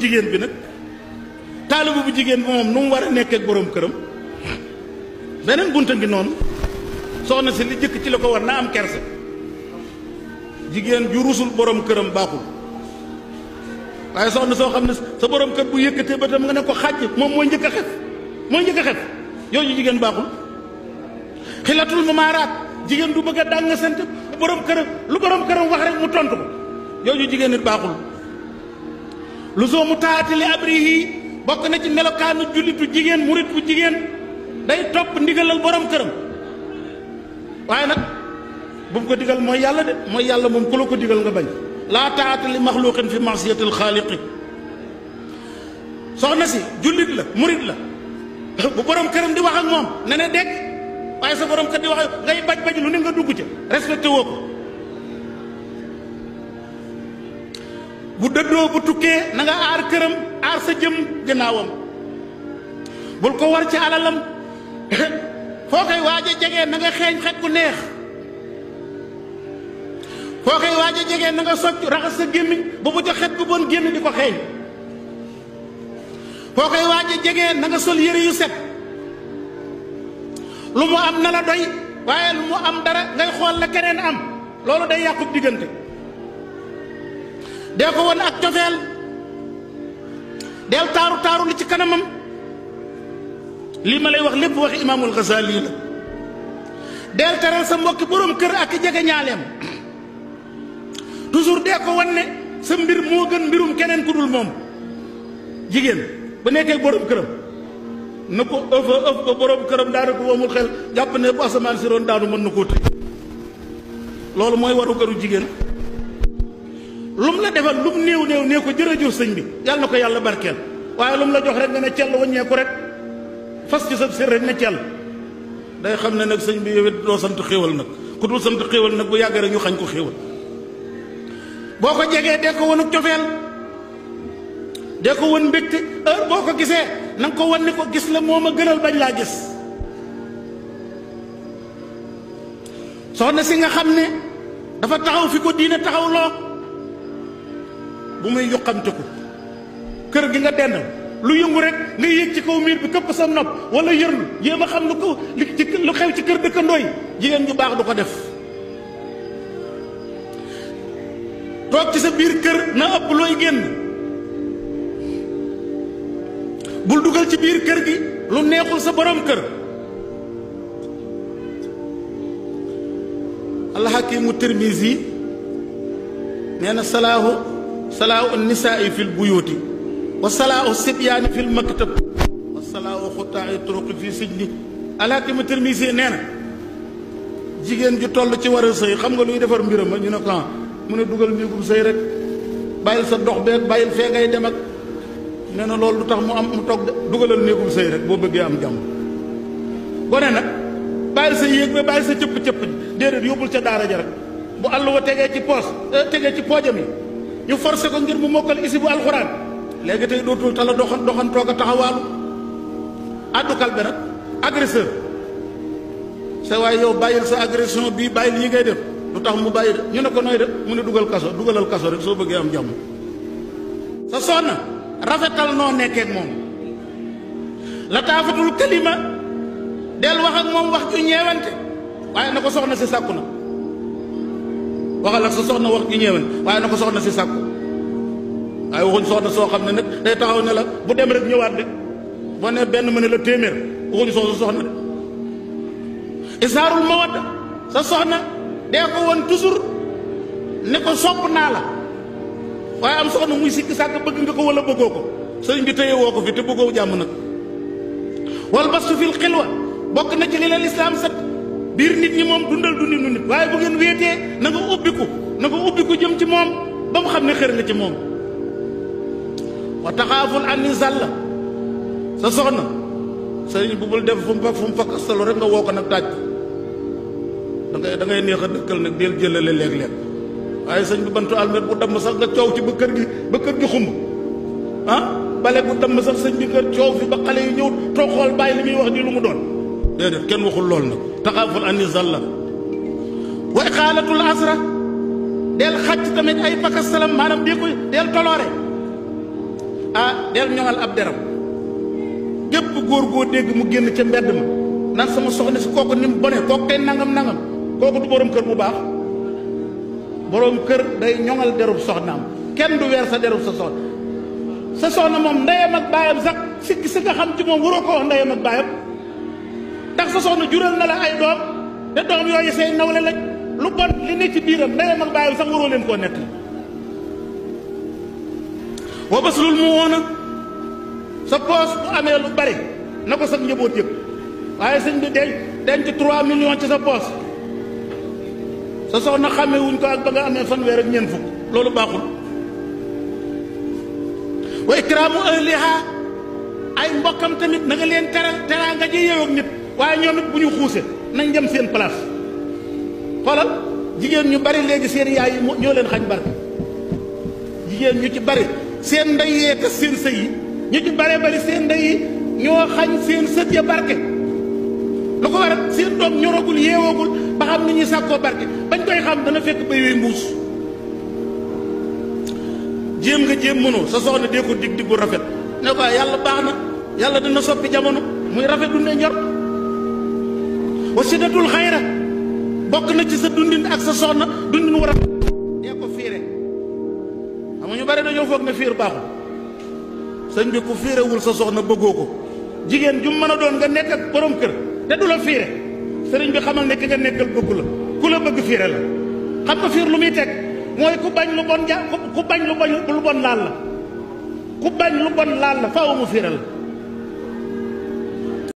jigéen bi nag taalibu bu jigéen bi moom nu mu war a nekk ak boroom këram beneen bunta ngi noonu soxna si li jëkk ci la ko war am kersa jigéen ju rusul boroom këram baaxul waaye soxna soo xam ne sa borom kër bu yëkkatee ba tam nga ne ko xàjj moom mooy njëkk a xef mooy njëkk a xef yooyu jigéen baaxul xilatul mumaaraat jigéen du bëgg a dàng sant boroom këram lu boroom këram wax rek mu tontu ko yooyu jigéen nit baaxul lu soo mu soomu taatili abrihi bokk na ci melokaanu jullitu jigéen murit bu jigéen day topp ndigalal borom këram waaye nag bu mu ko digal mooy yàlla de mooy yàlla moom ku la ko digal nga bañ laa taata li maxluqin fi masiyatil xaaliqi soxna si jullit la murit la bu borom këram di wax ak moom ne ne dekk waaye sa borom kër di wax ngay baj baj lu ne nga dugg ca respecté woo ko bu dëddoo bu tukkee na aar këram aar sa jëm gannaawam bul ko war ci alalam foo koy waaj jege na xeeñ xet ku neex foo koy waaj a jege na nga socc raxas sa gémmiñ ba bu ca di ko xeeñ foo sol yére yu set lu mu am na la doy waaye lu mu am dara ngay xool la keneen am loolu day yàqub diggante dee ko woon ak cofeel del taaru taaru li ci kanamam lii ma lay wax lépp waxi imaamul Ghazali la del teral sa mbokki boroom kër ak jege ñaaleem toujours dee ko wan ne sa mbir moo gën mbirum keneen ku dul moom jigéen ba nekkee boroom këram na ko ëf a ëf ba boroom këram daanaka woomul xel jàpp ne bu asamaan si roon daanu mën na koo tëj loolu mooy waru këru jigéen lum la defal lum néew néew nee ko jërëjëf sëñ bi yàlla na ko yàlla barkeel waaye lum la jox rek nga ne cell wàññeeku rek fas ci sa sër rek ne cell day xam ne nag sëñ bi yow doo sant xéewal nag ku dul sant xéewal nag bu yàgg rek ñu xañ ko xéewal boo ko jegee dee ko wonuk cofeel dee ko won mbégte heure boo ko gisee na ko wan ni ko gis la moo ma gënal bañ laa gis soxna si nga xam ne dafa taxaw fi ko diine taxaw loo bu muy yuqamtiku kër gi nga denn lu yëngu rek nga yéeg ci kaw miir bi këpp sa nopp wala yërlu yéem a xam lu ko lu xew ci kër dëkkandoo yi jigéen ñu baax du ko def toog ci sa biir kër na ëpp looy génn bul dugal ci biir kër gi lu neexul sa borom kër alxakimu tirmisi nee na salaahu salaa u nisaai fil buyuuti wa salaa u sibyaani fil maktab wa salaa u xuttaa i turuqi fii sijni alaakimu tirmisi nee na jigéen ju toll ci war a sëy xam nga luy defar mbiram ñu ne ko ah, mu ne dugal néegub sëy rek bàyyil sa dox beet bàyyil fee ngay dem ak nee na loolu lu tax mu am mu toog dugalal néegub sëy rek boo bëggee am jàmm gone nag bàyyil sa yéeg ba bàyyil sa cëpp cëpp déedéet yóbbul ca daara ja rek bu àll wa tegee ci poos eh, tegee ci poojam yi ñu forcé ko ngir mu mokkal isi bu alxuraan léegi tey dootul tala doxan doxan toog a taxawaalu àddukaal bi nag agresseur sa waaye yow bàyyil sa agression bii bàyyil yi ngay def lu tax mu bàyyi de ñu ne ko nooy def mu ne dugal kaso dugalal kaso rek soo bëggee am jàmm sa soxna rafetal noo nekkee ak moom la taafatul del wax ak moom wax ju ñeewante waaye na ko soxna si sàkku na waxal ak sa soxna wax gi ñëwén waaye na ko soxna si sàkku waaye waxuñ soxna soo xam ne nag day taxaw ne la bu dem rek ñëwaat de boo ne benn ma la téeméer waxuñu soo sa soxna isaarul mawadda sa soxna dee ko woon toujours ne ko sopp naa la waaye am soxna muy sikki sàkk bëgg nga ko wala bëggoo ko sëriñ bi téye woo ko fi te bëggoo jàmm nag wal bastu xilwa bokk na ci li la lislaam sat biir nit ñi moom dundal dundi nu waaye bu ngeen na nga ubbiku na nga ubbiku jëm ci moom ba mu xam ne xër nga ci moom wa taxaaful anni zàll sa soxna sëriñ bu bul def fu mu fekk fu solo rek nga woo ko nag daaj ko da ngay neex a dëkkal nag del jëlale léeg-léeg waaye sëñ bi bantu almet bu damm sax nga coow ci ba kër gi ba kër gi xumb ah bale bu damm sax sëñ bi nga coow fi ba xale yi ñëw toog xool bàyyi li muy wax nii lu mu doon déedéet kenn waxul lool nag taxaaful anni zalla wa iqaalatul asra del xàcc tamit ay pakastalam maanaam bii ko del toloore ah del ñoŋal ab deram gépp góor goo dégg mu génn ca mbedd ma naan sama soxna si kooku ni mu bone kooku tey nangam nangam kooku du borom kër bu baax borom kër day ñoŋal derub soxnaam kenn du weer sa derub sa soxna sa soxna moom ndeyam ak baayam sax sikki si nga xam ci moom waroo ko wax ndeyam ak baayam ndax sa soxna jural na la ay doom te doom yooyu say nawle lañ lu bon li ne ci biiram ndeyam ak bàyyam sax waroo leen koo nekk wa baslul mu woona sa poos bu amee lu bari na ko sax njaboot yëpp waaye sëñ bi denc denc 3 millions ci sa poos sa soxna na wuñ ko ak ba nga amee fanweer ak ñeent fukk loolu baaxul wa ikraamu ahliha ay mbokkam tamit na nga leen teral teraanga ji yeew ak nit waaye ñoom it bu ñu xuuse nañ dem seen place xoolal jigéen ñu bari léegi seen yaay yi ñoo leen xañ barke jigéen ñu ci bari seen ndey yee tas seen sëy yi ñu ci baree bari seen ndey yi ñoo xañ seen sët ya barke lu ko waral seen doom ñoragul yeewoogul ba xam ni ñuy sàkkoo barke bañ koy xam dana fekk ba yooyu mbuus jéem nga jéem mënoo sa soxna dee ko dig dig rafet ne ko yàlla baax na yàlla dina soppi jamono muy rafet du ne wa siddatul xayra bokk na ci sa dundin ak sa soxna dundin war a dee ko fiire xam ñu bari dañoo foog ne fiir baaxul sëñ bi ku fiirewul sa soxna bëggoo ko jigéen ju mën a doon nga nekk ak borom kër te du la fiire sëriñ bi xamal ne ki nga nekkal bëggu la ku la bëgg fiire la xam nga fiir lu muy teg mooy ku bañ lu bon ja ku bañ lu bon laal la ku bañ lu bon laal la faaw mu fiire la